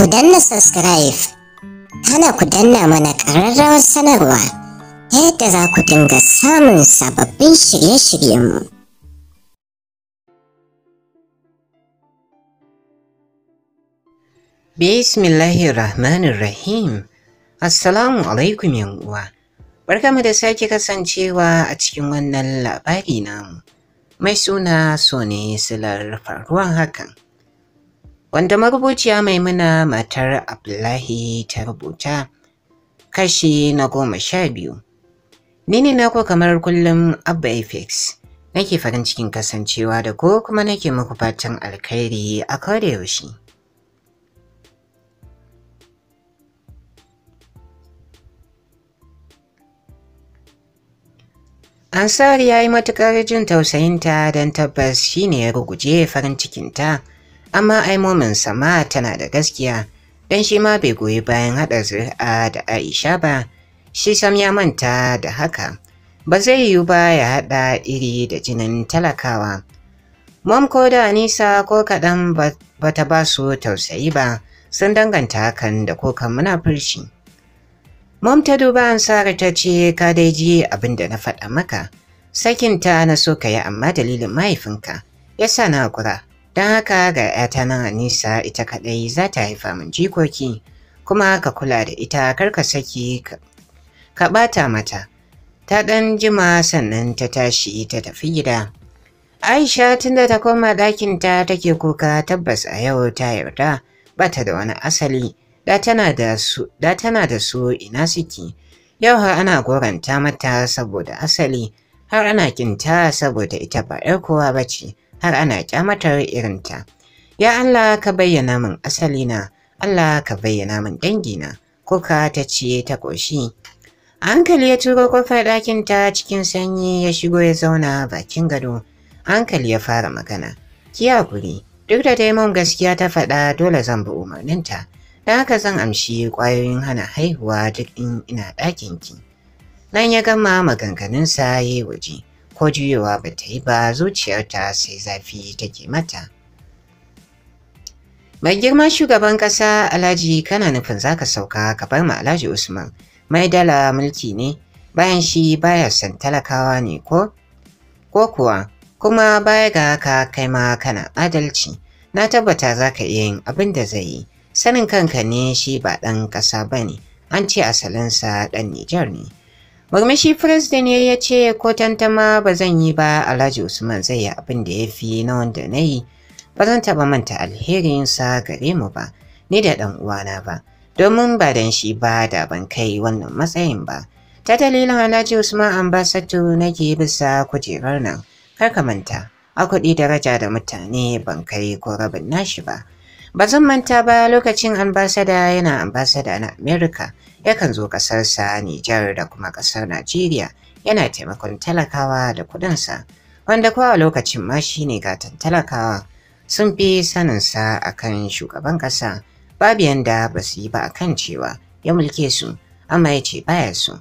ku danna subscribe hana ku danna mana ƙararrawar sanarwa yadda za ku dinga samun sababbin shirye-shiryenmu. Bismillahirrahmanirrahim Assalamu alaikum 'yan uwa. Barkamu da sake kasancewa a cikin wannan labari namu. Mai suna Sone Silar faruwan hakan. wanda marubuciya maimuna matar abdullahi ta rubuta kashi na goma sha biyu ni ne na ko kamar kullum abba apex nake farin cikin kasancewa da ko kuma nake muku fatan alkhairi a yaushe. Ansari ya yi matuƙar jin tausayinta don tabbas shi ne ya ruguje farin cikinta amma ai momin sama tana da gaskiya don shi ma bai goyi bayan haɗa zuri'a da Aisha ba shi sam ya manta da haka ba zai yiwu ba ya haɗa iri da jinin talakawa mom ko da nisa ko kaɗan ba ta ba su tausayi ba sun danganta hakan da kokan munafurci mom ta duba sara ta ce ka dai ji abin da na faɗa maka sakinta na so ka yi amma dalilin mahaifinka ya sa na kura. Don haka ga ‘yata nan Anisa ita kaɗai za ta haifa min jikoki, kuma ka kula da ita kar ka saki ka ɓata mata. Ta ɗan jima sannan ta tashi ta tafi gida. Aisha tunda ta koma ɗakinta take kuka tabbas a yau ta yarda ba ta da wani asali da tana da su, ina suke. Yau har ana goranta mata saboda asali har ana kinta saboda ita ba ‘yar kowa bace. har ana kyamatar irinta. Ya Allah ka bayyana min asalina, Allah ka bayyana min dangina, ka ta ciye ta ƙoshi. A hankali ya turo kofar ɗakinta cikin sanyi ya shigo ya zauna bakin gado. hankali ya fara magana. ki hakuri duk da dai mun gaskiya ta faɗa dole zan bi umarninta, da haka zan amshi ƙwayoyin hana haihuwa duk in ina ɗakin ki. Nan ya gama maganganunsa ya yi waje. ko juyowa ba ta yi ba zuciyarta sai zafi take mata. Mai girma shugaban ƙasa Alhaji kana nufin za ka sauka ka bar ma Alhaji Usman, mai dala mulki ne, bayan shi baya son talakawa ne ko? Ko kuwa, kuma baya ga haka kai ma kana adalci, na tabbata za ka iya yin abin da zai yi, sanin kanka ne shi ba ɗan ƙasa ba ne, an ce asalinsa ɗan Nijar ne. Murmushi Firistin ya ce ko tantama ba zan yi ba Alhaji Usman zai yi abin da ya fi na wanda na yi ba zan taɓa manta alherinsa gare mu ba ni da ɗan uwana ba domin ba dan shi ba da ban kai wannan matsayin ba. Ta dalilin Alhaji Usman Ambasato nake bisa kujerar nan kar ka manta a kuɗi daraja da mutane ban kai ko rabin nashi ba. ba zan manta ba lokacin ambasada yana ambasada na Amerika, yakan zo ƙasarsa nijar da kuma ƙasar najeriya yana taimakon talakawa da kuɗinsa wanda kowa lokacin ma shi ne gatan talakawa sun fi saninsa a kan shugaban ƙasa babu yanda ba su yi ba a kan cewa ya mulke su amma ya ce baya su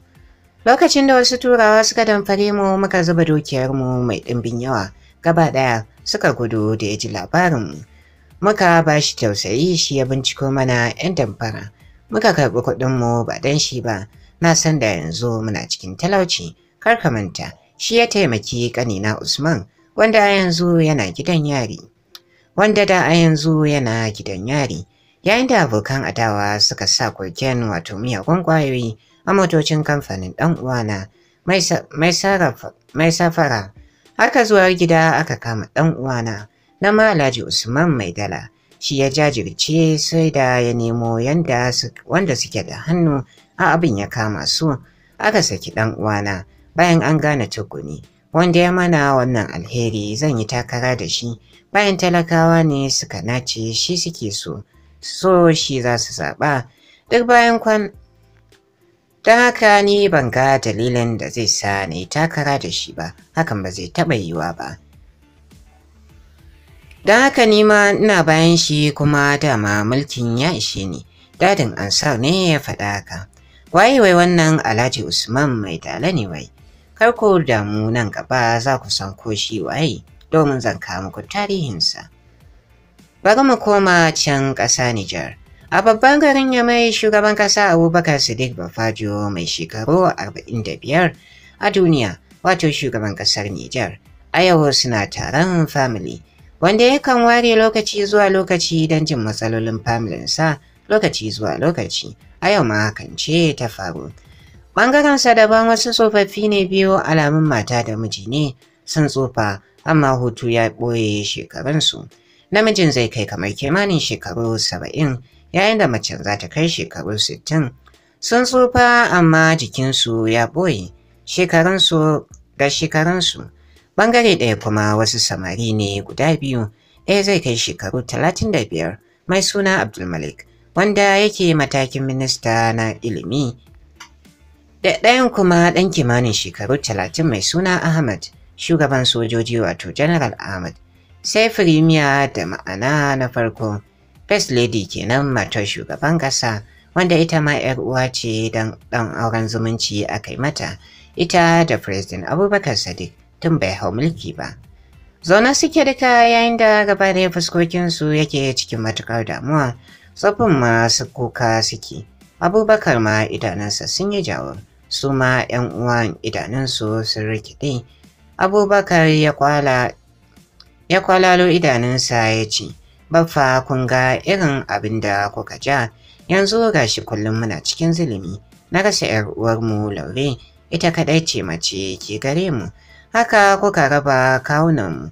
lokacin da wasu turawa suka damfare mu muka zuba dukiyarmu mai ɗimbin yawa gaba ɗaya suka gudu da ya ji labarinmu muka ba shi tausayi shi ya binciko mana 'yan damfara muka karɓi kuɗinmu ba don shi ba na san da yanzu muna cikin talauci kar ka manta shi ya taimaki ƙanina usman wanda a yanzu yana gidan yari wanda da a yanzu yana gidan yari yayin da abokan adawa suka sa koken wato miyagun ƙwayoyi a motocin kamfanin ɗan uwana mai safara har ka zuwa gida aka kama ɗan uwana na Malaji Usman Maidala shi ya jajirce sai da ya nemo yanda wanda suke da hannu a abin ya kama su aka saki dan uwana bayan an gane tukuni wanda ya mana wannan alheri zan yi takara da shi bayan talakawa ne suka nace shi suke so so shi za su zaɓa duk bayan kwan don haka ni ban ga dalilin da zai sa ni takara da shi ba hakan ba zai taɓa yiwa ba Don haka ni ma ina bayan shi kuma dama mulkin ya ishe ni. Dadin Ansar ne ya faɗa haka. Waye wai wannan Alhaji Usman mai dala ne wai. Kar ku damu nan gaba za ku san ko shi waye domin zan kawo muku tarihinsa. Bari mu koma can ƙasa Nijar. A babban garin ya Yamai shugaban ƙasa Abubakar Sadiq Bafajo mai shekaru 45 a duniya wato shugaban ƙasar Nijar. A yau suna taron family. wanda yakan ware lokaci zuwa lokaci don jin matsalolin familinsa lokaci zuwa lokaci a yau ma hakan ce ta faru ɓangarensa daban wasu tsofaffi ne biyu alamun mata da miji ne sun tsufa amma hutu ya ɓoye shekarunsu namijin zai kai kamar kimanin shekaru saba'in yayin da mace za ta kai shekaru sittin sun tsufa amma jikinsu ya ɓoye shekarunsu da shekarunsu Bangare ɗaya kuma wasu samari ne guda biyu, ɗaya zai kai shekaru talatin da biyar, mai suna Abdulmalik, wanda yake matakin minista na ilimi. Da ɗayan kuma ɗan kimanin shekaru talatin mai suna Ahmad, shugaban sojoji wato General Ahmad. Sai firimiya da ma'ana na farko, First Lady kenan matar shugaban ƙasa. wanda ita ma 'yar uwa ce dan auren zumunci aka yi mata ita da president abubakar sadiq tun bai hau mulki ba. Zaune suke duka yayin da gaba ɗaya fuskokinsu yake cikin matuƙar damuwa, tsoffin masu kuka suke. Abubakar ma idanunsa sun yi jawo, su ma ‘yan uwan idanunsu sun rikide. Abubakar ya kwalalo idanunsa ya ce, Baffa kun ga irin abin da kuka ja, yanzu gashi kullum muna cikin zulumi, na rasa ‘yar uwarmu Laure, ita kaɗai ce mace ke gare mu. haka kuka raba kawunanmu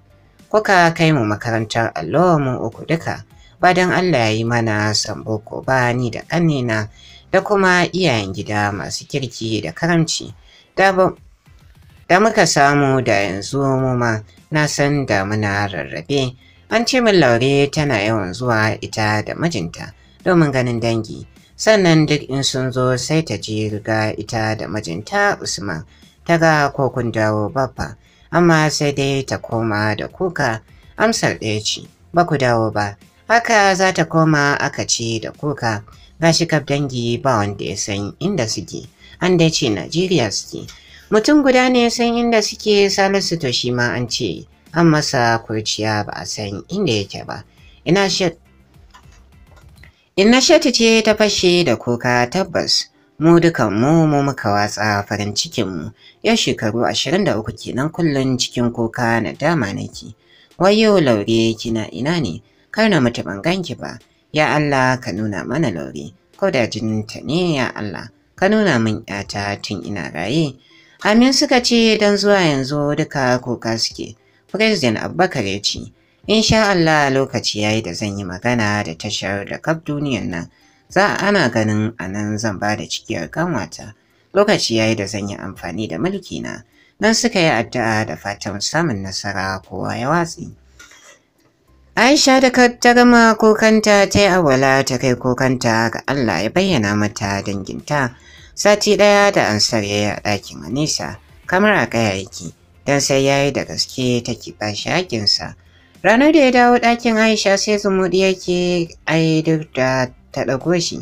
kuka kai mu makarantar allo mu uku duka ba don Allah ya yi mana samboko ba ni da ƙannena da kuma iyayen gida masu kirki da karamci da muka samu da yanzu mu ma na san da muna rarrabe an ce min laure tana yawan zuwa ita da mijinta domin ganin dangi sannan duk in sun zo sai ta je riga ita da mijinta usman ta ga ko dawo babba amma sai dai ta koma da kuka amsar ɗaya ce ba ku dawo ba haka za ta koma aka ce da kuka gashi kaf dangi ba wanda ya san inda suke an dai ce najeriya suke mutum guda ne ya san inda suke salisu to shi ma an ce an masa kurciya ba a san inda yake ba ina shat ce ta fashe da kuka tabbas mu dukan mu mu muka watsa farin cikin mu ya shekaru ashirin da uku kenan kullum cikin koka na dama nake wayo laure kina ina ne kar na mutu ban ganki ba ya Allah ka nuna mana laure ko da jininta ne ya Allah ka nuna min yata tun ina raye Amin suka ce don zuwa yanzu duka kuka suke President Abubakar ya ce insha Allah lokaci yayi da zan yi magana da tashar da kaf duniyar nan za a ana ganin a nan zan ba da cikiyar kanwata lokaci ya yi da zan yi amfani da mulki na nan suka yi addu'a da fatan samun nasara kowa ya watsi Aisha da ta gama kokanta ta yi awala ta kai kokanta ga Allah ya bayyana mata danginta sati ɗaya da ansar ya yi a ɗakin Anisa kamar a kaya yake don sai ya yi da gaske ta ba shi hakinsa. Ranar da ya dawo ɗakin Aisha sai zumuɗi yake ai duk da ta ɗago shi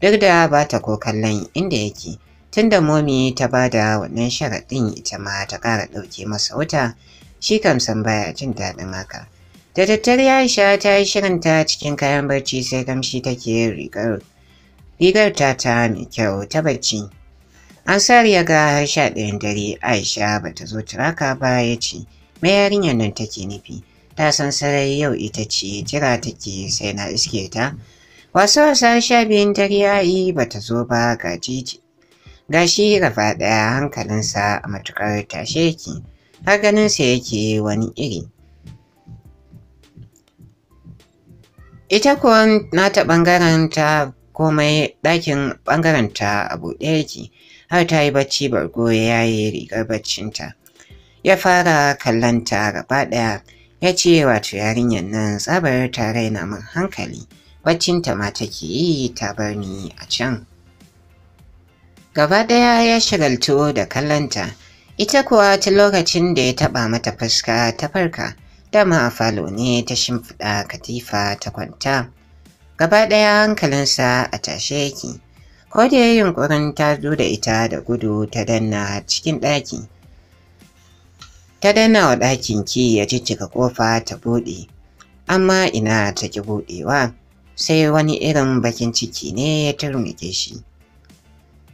duk da ba ta ko kallon inda yake tun da momi ta ba da wannan sharaɗin ita ma ta ƙara ɗauke masa wuta shi kam san baya jin daɗin haka da daddare aisha ta yi shirinta cikin kayan barci sai gamshi take rigar rigar ta ta mai kyau ta barci an sa ya ga har sha ɗayan dare aisha ba ta zo turaka ba ya ce me yarinyar nan take nufi ta san sarai yau ita ce jira take sai na iske ta Wasu wasa sha biyun dare ya yi ba ta zo ba ga jiji. shi gaba ɗaya hankalinsa a matuƙar tashe ki, har ganinsa yake wani iri. Ita kuwa nata ɓangaren ta komai ɗakin ɓangaren ta a buɗe yake, har ta yi bacci bargo ya yi rigar baccinta. Ya fara kallon ta gaba ɗaya, ya ce wato yarinyar nan tsabar ta raina min hankali. baccinta ma take yi ta bar ni a can. Gaba ɗaya ya shagaltu da kallonta, ita kuwa ta lokacin da ya taɓa mata fuska ta farka, dama a falo ne ta shimfiɗa katifa ta kwanta. Gaba ɗaya hankalinsa a tashe yake, ko da ya yunƙurin ta zo da ita da gudu ta danna cikin ɗaki. Ta danna wa ɗakin ki ya jijjiga ƙofa ta buɗe, amma ina ta ƙi buɗewa. sai wani irin bakin ciki ne ya turmike shi.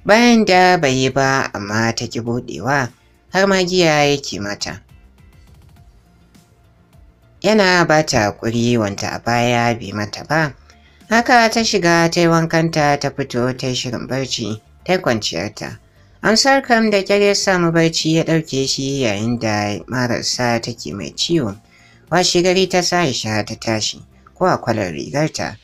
Bayan da bai yi ba amma ta ki buɗewa har ma giya yake mata. Yana ba ta haƙuri wanta a baya bai mata ba, haka ta shiga ta yi wankanta ta fito ta shirin barci ta kwanciyarta. Amsar kam da kyar ya samu barci ya ɗauke shi yayin da marasa take mai ciwo. Washe gari ta sa ta tashi ko a kwalar rigarta.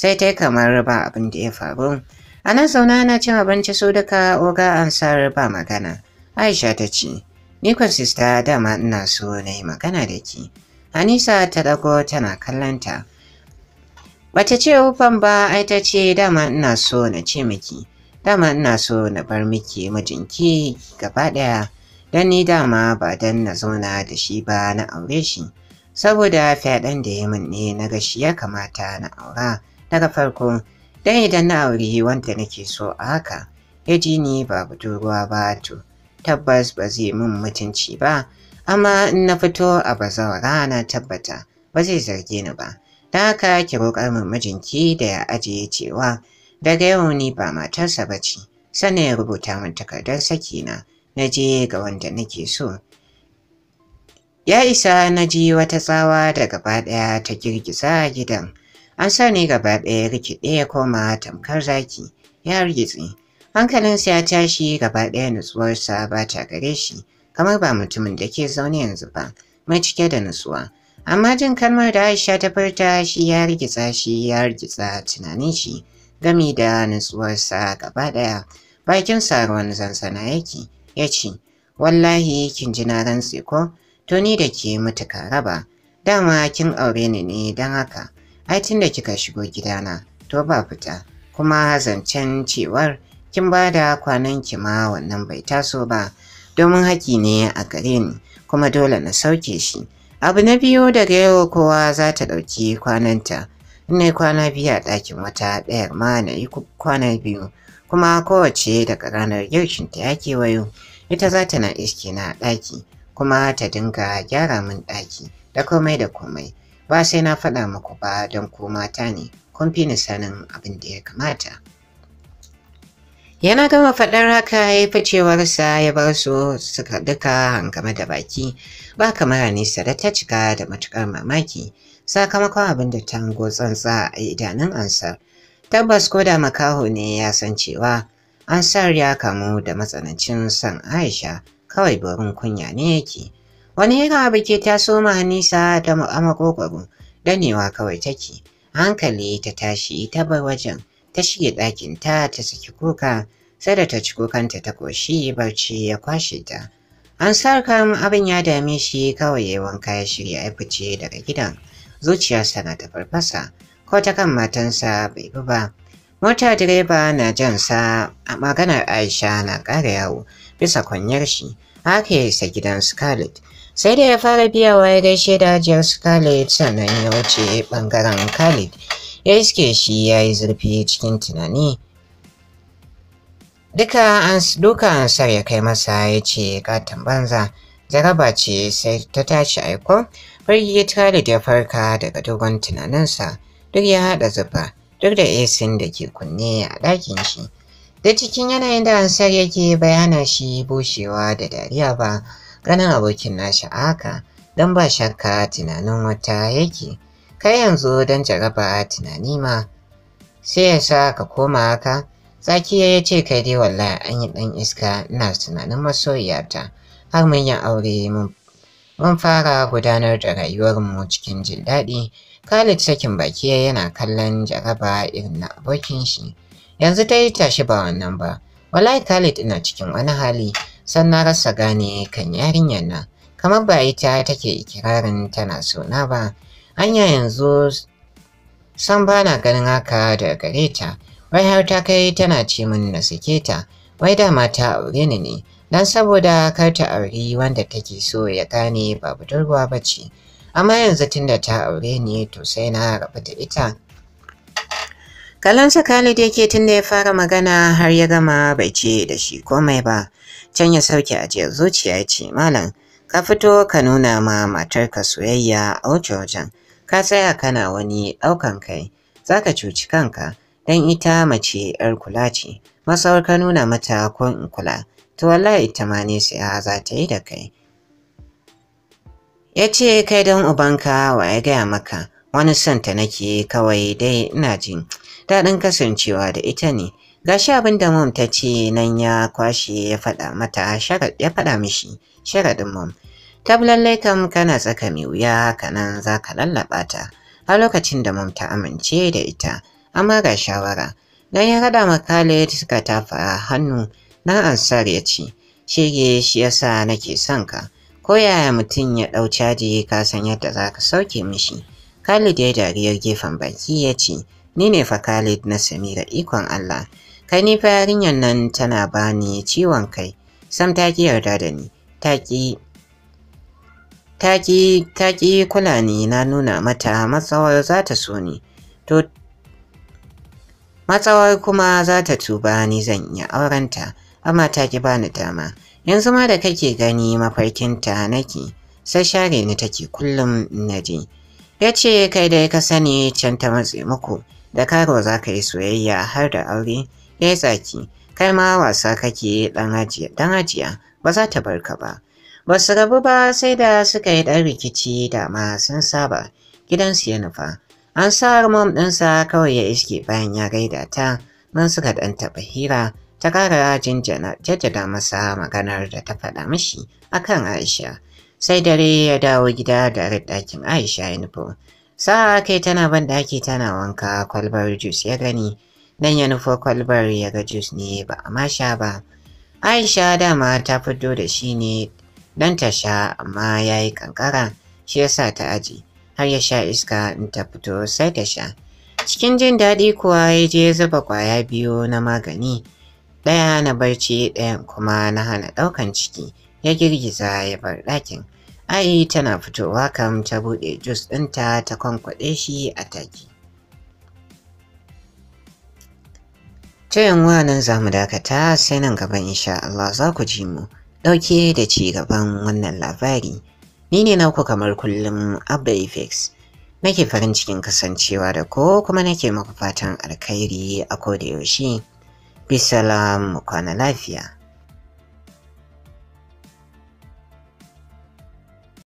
sai ta yi kamar ba abin da ya faru. A nan zauna ana cin abinci su duka oga ansar ba magana. Aisha ta ce, Ni kwan sista dama ina so na yi magana da ke. Anisa ta dago tana kallanta. Bata ce ufan ba ai ta ce dama ina so na ce miki. Dama ina so na bar miki mijinki gaba ɗaya. Dan ni dama ba dan na zauna da shi ba na aure shi. Saboda fyaɗen da ya min ne na gashi ya kamata na aura. daga farko dan idan na auri wanda nake so a haka ya ji ni ba budurwa ba to tabbas ba zai min mutunci ba amma in na fito a bazawara na tabbata ba zai zarge ni ba da haka ki roƙar min mijinki da ya ajiye cewa daga yau ni ba matarsa ba ce sannan ya rubuta min takardar sakina na je ga wanda nake so ya isa na ji wata tsawa da gaba ɗaya ta girgiza gidan an sa ne gaba ɗaya rikide ya koma tamkar zaki ya rigitsi hankalinsa ya tashi gaba ɗaya nutsuwarsa ba ta gare shi kamar ba mutumin da ke zaune yanzu ba mai cike da nutsuwa amma jin kalmar da aisha ta furta shi ya rigitsa shi ya rigitsa tunanin shi gami da nutsuwarsa gaba ɗaya Bakin ruwan zanzana yake ya ce wallahi kin ji na rantse ko to ni da ke mutuka raba dama kin aure ni ne don haka ai tunda kika shigo gidana to ba fita kuma zancen cewar kin bada da kwanan ki ma wannan bai taso ba domin haƙi ne a gare ni kuma dole na sauke shi abu na biyu daga yau kowa za ta ɗauki kwananta ne kwana biya a ɗakin wata ɗayar ma na yi kwana biyu kuma kowace daga ranar ta ya kewayo ita za ta na iske na ɗaki kuma ta dinga gyara min ɗaki da komai da komai ba sai na faɗa muku ba don ko mata ne kun fi ni sanin abin da ya kamata. Yana gama faɗar haka ya fi cewarsa ya bar su suka duka hangame da baki ba kamar nisa da ta cika da matuƙar mamaki sakamakon abin da ta hango tsantsa a idanun ansar. Tabbas ko da makaho ne ya san cewa ansar ya kamu da matsanancin son Aisha kawai barin kunya ne yake. Wani irin abu ke ta ma da a danewa kawai take. Hankali ta tashi ta bar wajen, ta shige ɗakin ta ta saki kuka, sai da ta ci kukanta ta koshi barci ya kwashe ta. An sarka abin ya dame shi kawai ya wanka ya shirya ya fice daga gidan. Zuciyarsa na ta farfasa, ko ta kan matansa bai bi ba. Mota direba na jan sa a maganar Aisha na ƙara yawo bisa kwanyar shi, haka ya isa gidan Scarlett. sai da ya fara biyawa ya gaishe da hajiyar Scarlett sannan ya wuce bangaren Khalid ya iske shi ya yi zurfi cikin tunani. Duka ansar ya kai masa ya ce katon banza jaraba ce sai ta tashi aiko farki Khalid ya farka daga dogon tunaninsa duk ya haɗa zuba duk da esin da ke kunne a ɗakin shi. Da cikin yanayin da ansar yake bayana shi bushewa da dariya ba ganin abokin nashi sha'aka don ba shakka tunanin wata yake kai yanzu don jaraba tunani ma sai ya sa ka koma haka Zakiya ya ce kai dai wallahi an yi ɗan iska ina tunanin masoyiyata har mun yi aure mun fara gudanar da rayuwar mu cikin jin daɗi. Khalid sakin baki yana kallon jaraba irin na abokin shi. Yanzu ta yi tashi ba wannan ba. Wallahi Khalid ina cikin wani hali San na rasa gane kan yarinyar nan kamar ba ita take ikirarin tana sona ba anya yanzu san ba na ganin haka da gare ta wai har ta kai tana ce min na sike ta wai dama ta aure ni ne dan saboda kar ta aure wanda take so ya gane ba budurwa ba ce amma yanzu tunda ta aure ni to sai na rabu da ita kallon sa Khalid yake tunda ya fara magana har ya gama bai ce da shi komai ba can ya sauke jiyar zuciya ya ce malam ka fito ka nuna ma matarka soyayya a wuce wajen ka tsaya kana wani ɗaukan kai za ka cuci kanka dan ita mace yar kula ce masawar ka nuna mata ko in kula to wallahi ita ma ne sai za ta yi da kai ya ce kai don ubanka wa ya gaya maka wani son ta nake kawai dai ina jin daɗin kasancewa da ita ne Gashi abin da mom ta ce nan ya kwashe ya faɗa mata ya faɗa mishi sharaɗin mom. tablan lallai kana tsaka mai wuya kanan za ka lallaɓa ta A lokacin da mom ta amince da ita amma ga shawara. Dan ya haɗa ma Khalid suka tafa hannu na Ansar ya ce shege shi yasa nake son ka. Ko yaya mutum ya ɗau caji ka san yadda za ka sauke mishi. Khalid ya dariyar gefen baki ya ce ni ne fa Khalid na Samira ikon Allah. kai ni fa yarinyar nan tana bani ciwon kai sam ta ki yarda da ni ta ki ta ki kula ni na nuna mata matsawar za ta so ni to matsawar kuma za ta tuba ni zan iya aurenta amma ta ki bani dama yanzu ma da kake gani mafarkinta nake sai share ni take kullum na ji. ya ce kai dai ka sani can ta matse muku da karo za ka yi soyayya har da aure ya yi tsaki kai ma wasa kake dan ajiya. dan ba za ta bar ka ba ba su rabu ba sai da suka yi dan rikici da ma sun saba gidansu ya nufa an sa mom ɗinsa kawai ya iske bayan ya gaida ta Mun suka ɗan taɓa hira ta ƙara jajjada masa maganar da ta faɗa mashi akan Aisha. Sai dare ya dawo gida da ɗakin Aisha ya nufo. Sa'a kai tana ban ɗaki tana wanka kwalbar jus ya gani dan ya nufo kwalbar ya ga jus ne ba a sha ba. Aisha dama ta fito da shi ne dan ta sha amma ya yi kankara shi ya sa ta aji har ya sha iska in ta fito sai ta sha. Cikin jin daɗi kuwa ya je zuba kwaya biyu na magani ɗaya na barci ɗayan kuma na hana ɗaukan ciki ya girgiza ya bar ɗakin. Ai tana fitowa kam ta buɗe jus ɗinta ta kwankwaɗe shi a taki. Ta yanwa nan za mu dakata sai nan gaba insha Allah za ku ji mu ɗauke da ci gaban wannan labari. Ni ne na naku kamar kullum Abda Effects. Nake farin cikin kasancewa da ko kuma nake muku fatan alkhairi a koda yaushe. Bisalam kwana lafiya.